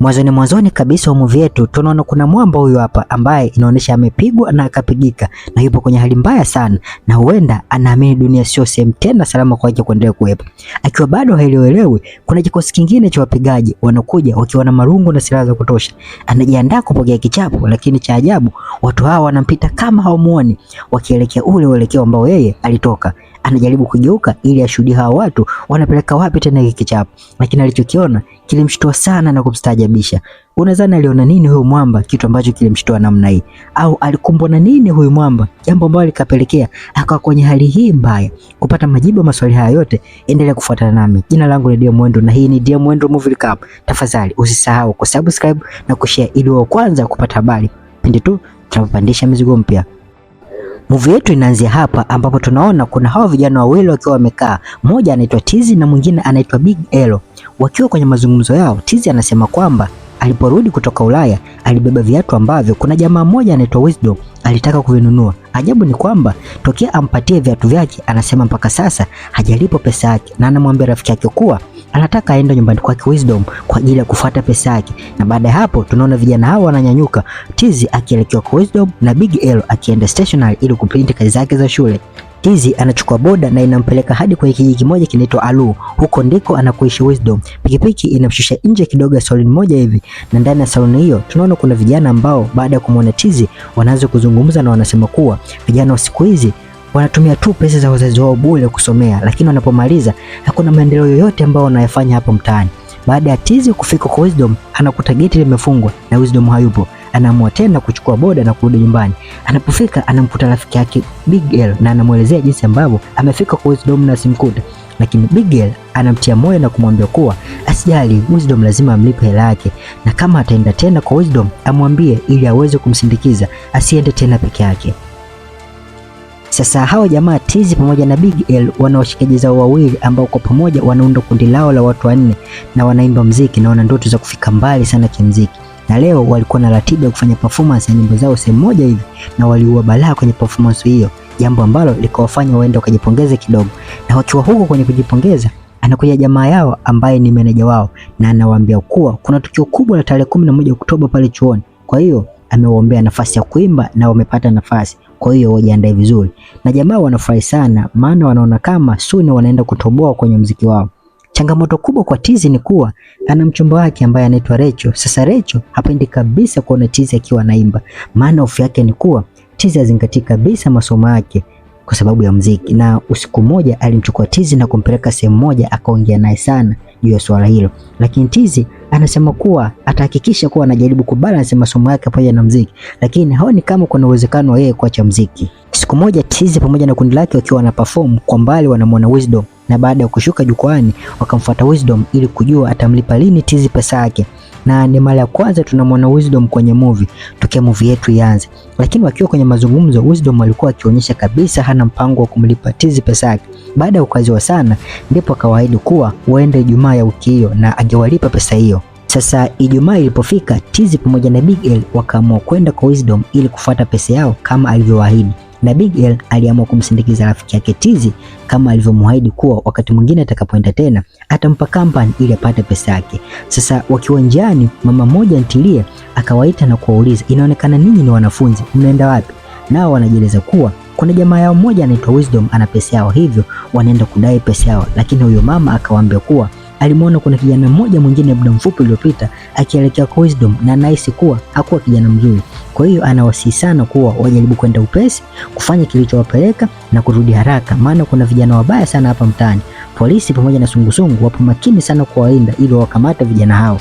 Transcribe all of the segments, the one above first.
Mwanzoni mwanzoni kabisa wa movie yetu tunaona kuna mwamba huyu hapa ambaye inaonyesha amepigwa na akapigika na yupo kwenye hali mbaya sana, na huenda anaamini dunia sio sehemu tena salama kwake kuendelea kuwepo. Akiwa bado haelewelewi, kuna kikosi kingine cha wapigaji wanakuja wakiwa na marungu na silaha za kutosha. Anajiandaa kupokea kichapo, lakini cha ajabu watu hawa wanampita kama hawamuoni, wakielekea ule uelekeo ambao yeye alitoka anajaribu kugeuka ili ashuhudie hawa watu wanapeleka wapi tena hiki kichapo, lakini alichokiona kilimshtua sana na kumstaajabisha. Unadhani aliona nini huyu mwamba, kitu ambacho kilimshtua namna hii? Au alikumbwa na nini huyu mwamba, jambo ambalo likapelekea akawa kwenye hali hii mbaya? Kupata majibu ya maswali haya yote, endelea kufuatana nami. Jina langu ni Dia Mwendo na hii ni Dia Mwendo Movie Recap. Tafadhali usisahau kusubscribe na kushare ili wa kwanza kupata habari pindi tu tunapopandisha mizigo mpya. Movie yetu inaanzia hapa ambapo tunaona kuna hawa vijana wawili wakiwa wamekaa, mmoja anaitwa Tizi na mwingine anaitwa Big Elo. Wakiwa kwenye mazungumzo yao, Tizi anasema kwamba Aliporudi kutoka Ulaya alibeba viatu ambavyo kuna jamaa mmoja anaitwa Wisdom alitaka kuvinunua. Ajabu ni kwamba tokea ampatie viatu vyake, anasema mpaka sasa hajalipo pesa yake, na anamwambia rafiki yake kuwa anataka aende nyumbani kwake Wisdom kwa ajili ya kufuata pesa yake. Na baada ya hapo tunaona vijana hawa wananyanyuka, Tizi akielekea kwa Wisdom na Big L akienda stationary ili kuprint kazi zake za shule. Hizi anachukua boda na inampeleka hadi kwenye kijiji kimoja kinaitwa Alu. Huko ndiko anakoishi Wisdom. Pikipiki inamshusha nje kidogo ya saluni moja hivi, na ndani ya saluni hiyo tunaona kuna vijana ambao baada ya kumwona Tizi wanaanza kuzungumza na wanasema kuwa vijana wa siku hizi wanatumia tu pesa za wazazi wao bure kusomea, lakini wanapomaliza hakuna maendeleo yoyote ambayo wanayafanya hapo mtaani. Baada ya Tizi kufika kwa Wisdom, anakuta geti limefungwa na Wisdom hayupo anaamua tena kuchukua boda na kurudi nyumbani. Anapofika anamkuta rafiki yake Big L na anamwelezea jinsi ambavyo amefika kwa Wisdom na simkuta, lakini Big L anamtia moyo na kumwambia kuwa asijali, Wisdom lazima amlipe hela yake, na kama ataenda tena kwa Wisdom amwambie ili aweze kumsindikiza asiende tena peke yake. Sasa hawa jamaa Tizi pamoja na Big L wana washikaji zao wawili ambao kwa pamoja wanaunda kundi lao la watu wanne na wanaimba mziki na wana ndoto za kufika mbali sana kimziki na leo walikuwa na ratiba ya kufanya performance ya nyimbo zao sehemu moja hivi, na waliua balaa kwenye performance hiyo, jambo ambalo likawafanya waende wakajipongeze kidogo. Na wakiwa huko kwenye kujipongeza, anakuja jamaa yao ambaye ni meneja wao, na anawaambia kuwa kuna tukio kubwa la tarehe na moja Oktoba pale chuoni, kwa hiyo amewaombea nafasi ya kuimba na wamepata nafasi, kwa hiyo wajiandae vizuri. Na jamaa wanafurahi sana, maana wanaona kama suni wanaenda kutoboa kwenye mziki wao. Changamoto kubwa kwa Tizi ni kuwa ana mchumba wake ambaye anaitwa Recho. Sasa Recho hapendi kabisa kuona Tizi akiwa anaimba, maana hofu yake ni kuwa Tizi hazingatii kabisa masomo yake kwa sababu ya mziki. Na usiku mmoja alimchukua Tizi na kumpeleka sehemu moja, akaongea naye sana juu ya swala hilo, lakini Tizi anasema kuwa atahakikisha kuwa anajaribu kubalance masomo yake pamoja na mziki, lakini haoni kama kuna uwezekano wa yeye kuacha mziki. Siku moja Tizi pamoja na kundi lake wakiwa wana perform kwa mbali, wanamwona Wisdom na baada ya kushuka jukwani wakamfuata Wisdom ili kujua atamlipa lini Tizi pesa yake, na ni mara ya kwanza tunamwona Wisdom kwenye movie tokea movie yetu ianze. Lakini wakiwa kwenye mazungumzo, Wisdom alikuwa akionyesha kabisa hana mpango wa kumlipa Tizi pesa yake. Baada ya ukaziwa sana, ndipo akawaahidi kuwa waende Ijumaa ya wiki hiyo na angewalipa pesa hiyo. Sasa Ijumaa ilipofika, Tizi pamoja na Big L wakaamua kwenda kwa Wisdom ili kufuata pesa yao kama alivyowaahidi na Big L aliamua kumsindikiza rafiki yake Tizi kama alivyomwahidi kuwa wakati mwingine atakapoenda tena atampa kampani ili apate pesa yake. Sasa wakiwa njiani, mama mmoja ntilie akawaita na kuwauliza, inaonekana ninyi ni wanafunzi, mnaenda wapi? Nao wanajieleza kuwa kuna jamaa yao mmoja anaitwa Wisdom ana pesa yao, hivyo wanaenda kudai pesa yao, lakini huyo mama akawaambia kuwa alimwona kuna kijana mmoja mwingine muda mfupi uliopita akielekea kwa Wisdom na anahisi kuwa hakuwa kijana mzuri. Kwa hiyo anawasihi sana kuwa wajaribu kwenda upesi, kufanya kilichowapeleka na kurudi haraka, maana kuna vijana wabaya sana hapa mtaani. Polisi pamoja na sungusungu wapo makini sana kuwalinda ili wawakamate vijana hao.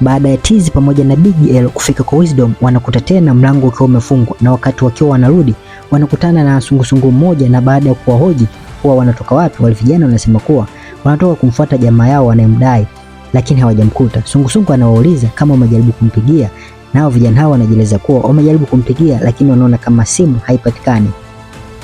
Baada ya Tizi pamoja na Big L kufika kwa Wisdom, wanakuta tena mlango ukiwa umefungwa, na wakati wakiwa wanarudi wanakutana na sungusungu mmoja, na baada ya kuwahoji kuwa wanatoka wapi, wale vijana wanasema kuwa wanatoka kumfuata jamaa yao wanayemdai, lakini hawajamkuta. Sungusungu anawauliza kama wamejaribu kumpigia, nao vijana hao wanajieleza kuwa wamejaribu kumpigia, lakini wanaona kama simu haipatikani.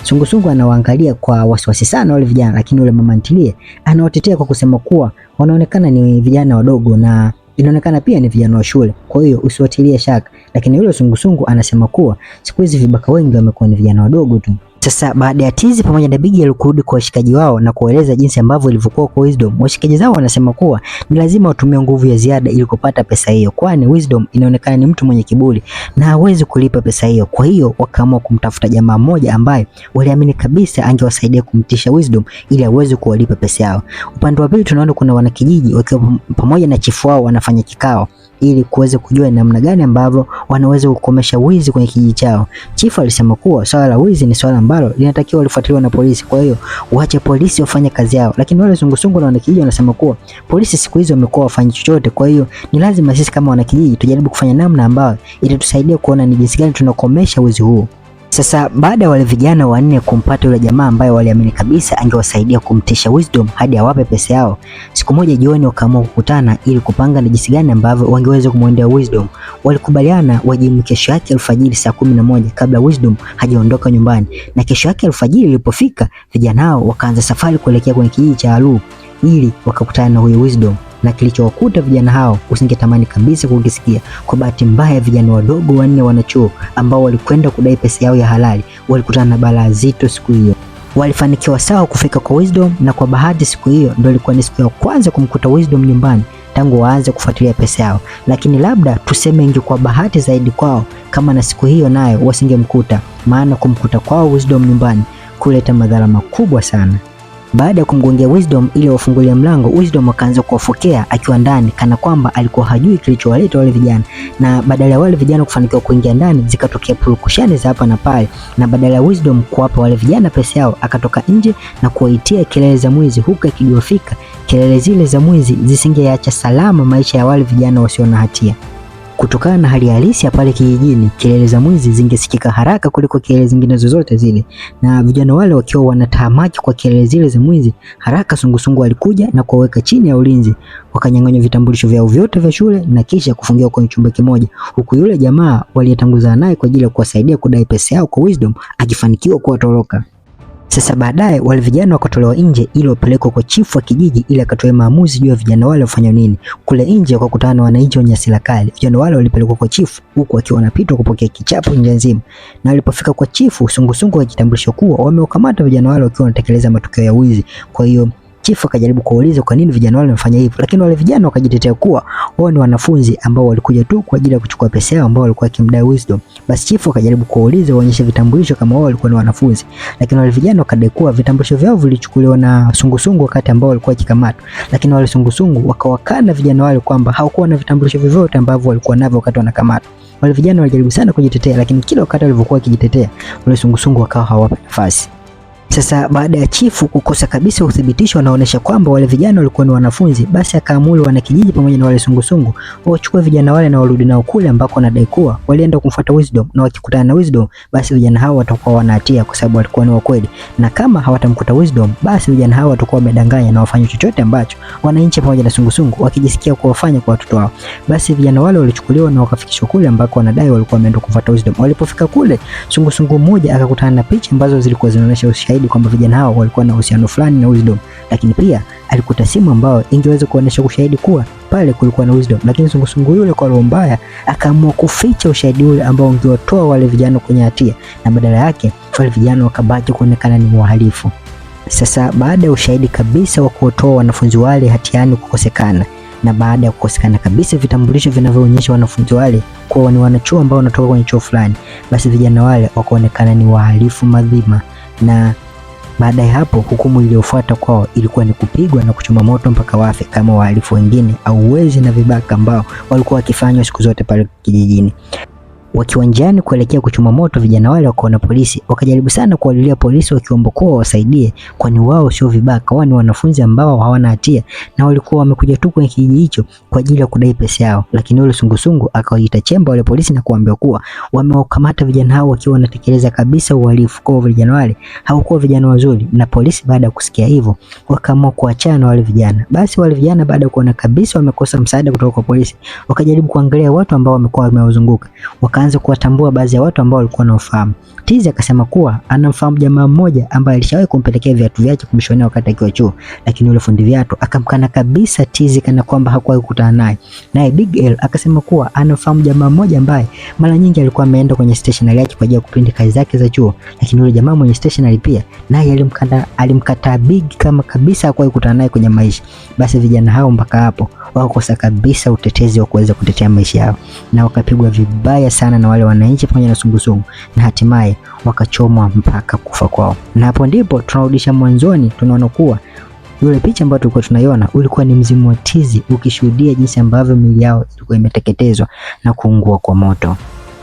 Sungusungu anawaangalia kwa wasiwasi sana wale vijana, lakini yule mama ntilie anawatetea kwa kusema kuwa wanaonekana ni vijana wadogo na inaonekana pia ni vijana wa shule, kwa hiyo usiwatilie shaka. Lakini yule sungusungu anasema kuwa siku hizi vibaka wengi wamekuwa ni vijana wadogo tu. Sasa baada ya Tizi pamoja na Bigi alikurudi kwa washikaji wao na kueleza jinsi ambavyo ilivyokuwa kwa Wisdom, washikaji zao wanasema kuwa ni lazima watumie nguvu ya ziada ili kupata pesa hiyo, kwani Wisdom inaonekana ni mtu mwenye kiburi na hawezi kulipa pesa hiyo. Kwa hiyo wakaamua kumtafuta jamaa mmoja ambaye waliamini kabisa angewasaidia kumtisha Wisdom ili aweze kuwalipa pesa yao. Upande wa pili tunaona kuna wanakijiji wakiwa pamoja na chifu wao wanafanya kikao ili kuweza kujua namna gani ambavyo wanaweza kukomesha wizi kwenye kijiji chao. Chifu alisema kuwa swala la wizi ni swala ambalo linatakiwa lifuatiliwe na polisi, kwa hiyo waache polisi wafanye kazi yao. Lakini wale sungusungu na wanakijiji wanasema kuwa polisi siku hizi wamekuwa wafanyi chochote, kwa hiyo ni lazima sisi kama wanakijiji tujaribu kufanya namna ambayo itatusaidia kuona ni jinsi gani tunakomesha wizi huu. Sasa baada ya wale vijana wanne kumpata yule jamaa ambaye waliamini kabisa angewasaidia kumtisha Wisdom hadi awape pesa yao, siku moja jioni wakaamua kukutana ili kupanga na jinsi gani ambavyo wangeweza kumwendea Wisdom. Walikubaliana wajimu kesho yake alfajiri saa kumi na moja kabla Wisdom hajaondoka nyumbani, na kesho yake alfajiri ilipofika, vijana hao wakaanza safari kuelekea kwenye kijiji cha Alu ili wakakutana na huyo Wisdom na kilichowakuta vijana hao usingetamani kabisa kukisikia. Kwa bahati mbaya, vijana wadogo wanne wanachuo ambao walikwenda kudai pesa yao ya halali walikutana na balaa zito siku hiyo. Walifanikiwa sawa kufika kwa Wisdom, na kwa bahati siku hiyo ndio ilikuwa ni siku ya kwanza kumkuta Wisdom nyumbani tangu waanze kufuatilia pesa yao, lakini labda tuseme ingekuwa bahati zaidi kwao kama na siku hiyo nayo wasingemkuta, maana kumkuta kwao Wisdom nyumbani kuleta madhara makubwa sana. Baada ya kumgongea Wisdom ili wafungulie mlango, Wisdom akaanza kuwafokea akiwa ndani, kana kwamba alikuwa hajui kilichowaleta wale vijana, na badala ya wale vijana kufanikiwa kuingia ndani, zikatokea purukushani za hapa na pale, na badala ya Wisdom kuwapa wale vijana pesa yao, akatoka nje na kuwaitia kelele za mwizi, huku akijofika kelele zile za mwizi zisingeacha salama maisha ya wale vijana wasio na hatia. Kutokana na hali halisi ya pale kijijini, kelele za mwizi zingesikika haraka kuliko kelele zingine zozote zile, na vijana wale wakiwa wanatahamaki kwa kelele zile za mwizi, haraka sungusungu alikuja na kuwaweka chini ya ulinzi, wakanyang'anywa vitambulisho vyao vyote vya shule na kisha kufungiwa kwenye chumba kimoja, huku yule jamaa waliyetanguzana naye kwa ajili ya kuwasaidia kudai pesa yao kwa Wisdom akifanikiwa kuwatoroka. Sasa baadaye wale vijana wakatolewa nje ili wapelekwe kwa chifu wa kijiji ili akatoe maamuzi juu ya vijana wale wafanya nini. Kule nje wakakutana na wananchi wenye hasira kali. Vijana wale walipelekwa kwa chifu huku wakiwa wanapitwa kupokea kichapo nje nzima. Na walipofika kwa chifu, sungusungu akajitambulisha kuwa wameukamata vijana wale wakiwa wanatekeleza matukio ya wizi. Kwa hiyo Chifu akajaribu kuuliza kwa nini vijana wale wamefanya hivyo, lakini wale vijana wakajitetea kuwa wao ni wanafunzi ambao walikuja tu kwa ajili ya kuchukua pesa yao ambao walikuwa kimdai Wisdom. Basi Chifu akajaribu kuuliza waonyeshe vitambulisho kama wao walikuwa ni wanafunzi, lakini wale vijana wakadai kuwa vitambulisho vyao vilichukuliwa na sungusungu wakati ambao walikuwa wakikamatwa, lakini wale sungusungu wakawakana vijana wale kwamba hawakuwa na vitambulisho vyovyote ambavyo walikuwa navyo wakati wanakamatwa. Wale vijana walijaribu sana kujitetea, lakini kila wakati walivyokuwa wakijitetea wale sungusungu wakawa hawapa nafasi. Sasa baada ya chifu kukosa kabisa uthibitisho anaonesha kwamba wale vijana walikuwa ni wanafunzi, basi akaamuru wanakijiji pamoja na wale sungusungu wachukue vijana wale na warudi nao kule ambako anadai kuwa walienda kumfuata Wisdom, na wakikutana na Wisdom, basi vijana hao watakuwa wanahatia kwa sababu walikuwa ni wakweli, na kama hawatamkuta Wisdom, basi vijana hao watakuwa wamedanganya na wafanya chochote ambacho wananchi pamoja na sungusungu wakijisikia kuwafanya kwa watoto wao. Basi vijana wale walichukuliwa na wakafikishwa kule ambako wanadai walikuwa wameenda kumfuata Wisdom. Walipofika kule, sungusungu mmoja akakutana na picha ambazo zilikuwa zinaonesha ushahidi shahidi kwamba vijana hao walikuwa na uhusiano fulani na Wisdom, lakini pia alikuta simu ambayo ingeweza kuonesha ushahidi kuwa pale kulikuwa na Wisdom, lakini sungusungu yule kwa roho mbaya akaamua kuficha ushahidi ule ambao ungewatoa wale vijana kwenye hatia, na badala yake wale vijana wakabaki kuonekana ni wahalifu. Sasa baada ya ushahidi kabisa wa kuotoa wanafunzi wale hatiani kukosekana na baada ya kukosekana kabisa vitambulisho vinavyoonyesha wanafunzi wale kuwa ni wanachuo ambao wanatoka kwenye chuo fulani, basi vijana wale wakaonekana ni wahalifu madhima na baada ya hapo, hukumu iliyofuata kwao ilikuwa ni kupigwa na kuchoma moto mpaka wafe kama wahalifu wengine au wezi na vibaka ambao walikuwa wakifanywa siku zote pale kijijini. Wakiwa njiani kuelekea kuchoma moto, vijana wale wakaona polisi, wakajaribu sana kuwalilia polisi wakiomba kuwa wawasaidie, kwani wao sio vibaka, wao ni wanafunzi ambao hawana hatia na walikuwa wamekuja tu kwenye kijiji hicho kwa ajili ya kudai pesa yao. Lakini yule sungusungu akawaita chemba wale polisi na kuambia kuwa wamewakamata vijana hao wakiwa wanatekeleza kabisa uhalifu, kwa vijana wale hawakuwa vijana wazuri, na polisi baada ya kusikia hivyo wakaamua kuachana na wale vijana. Basi wale vijana baada ya kuona kabisa wamekosa msaada kutoka kwa polisi, wakajaribu kuangalia watu ambao wamekuwa wamewazunguka waka akaanza kuwatambua baadhi ya watu ambao walikuwa na ufahamu. Tizi akasema kuwa anamfahamu jamaa mmoja ambaye alishawahi kumpelekea viatu vyake kumshonea wakati akiwa chuo, lakini yule fundi viatu akamkana kabisa Tizi kana kwamba hakuwahi kukutana naye. Naye Big L akasema kuwa anamfahamu jamaa mmoja ambaye mara nyingi alikuwa ameenda kwenye stationery yake kwa ajili ya kupindi kazi zake za chuo, lakini yule jamaa mwenye stationery pia naye alimkata alimkataa Big kama kabisa hakuwahi kukutana naye kwenye maisha. Basi vijana hao mpaka hapo wakosa kabisa utetezi wa kuweza kutetea maisha yao na wakapigwa vibaya sana na wale wananchi pamoja na sungusungu na hatimaye wakachomwa mpaka kufa kwao. Na hapo ndipo tunarudisha mwanzoni, tunaona kuwa yule picha ambayo tulikuwa tunaiona ulikuwa ni mzimu wa tizi ukishuhudia jinsi ambavyo miili yao ilikuwa imeteketezwa na kuungua kwa moto.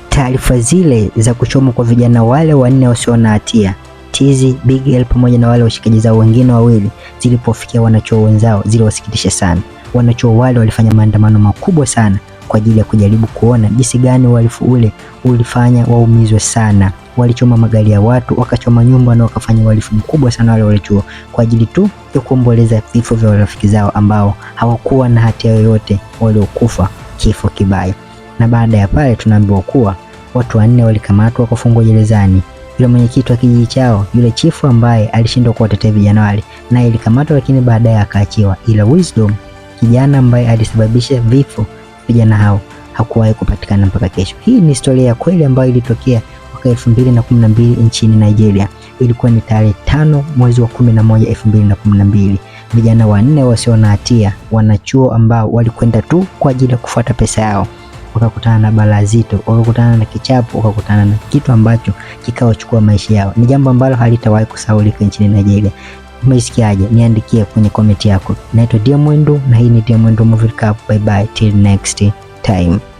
Taarifa zile za kuchomwa kwa vijana wale wanne wasio na hatia Tizi, Big L pamoja na wale washikaji zao wengine wawili zilipofikia wanachuo wenzao ziliwasikitisha sana. Wanachuo wale walifanya maandamano makubwa sana kwa ajili ya kujaribu kuona jinsi gani uhalifu ule ulifanya waumizwe sana. Walichoma magari ya watu, wakachoma nyumba na wakafanya uhalifu mkubwa sana wale walichuo, kwa ajili tu ya kuomboleza vifo vya rafiki zao ambao hawakuwa na hatia yoyote, waliokufa kifo kibaya. Na baada ya pale tunaambiwa kuwa watu wanne walikamatwa wakafungwa gerezani. Yule mwenyekiti wa kijiji chao, yule chifu ambaye alishindwa kuwatetea vijana wale, naye alikamatwa, lakini baadaye akaachiwa, ila Wisdom kijana ambaye alisababisha vifo vijana hao hakuwahi kupatikana mpaka kesho. Hii ni historia ya kweli ambayo ilitokea mwaka elfu mbili na kumi na mbili nchini Nigeria. Ilikuwa ni tarehe tano mwezi wa kumi na moja elfu mbili na kumi na mbili. Vijana wanne wasio na hatia, wanachuo ambao walikwenda tu kwa ajili ya kufuata pesa yao, wakakutana na balaa zito, wakakutana na kichapo, wakakutana na kitu ambacho kikawachukua maisha yao. Ni jambo ambalo halitawahi kusahaulika nchini Nigeria umeisikiaje? Niandikie kwenye komenti yako. Naitwa Dia Mwendo na hii ni Dia Mwendo Movie Recap. Bye bye till next time.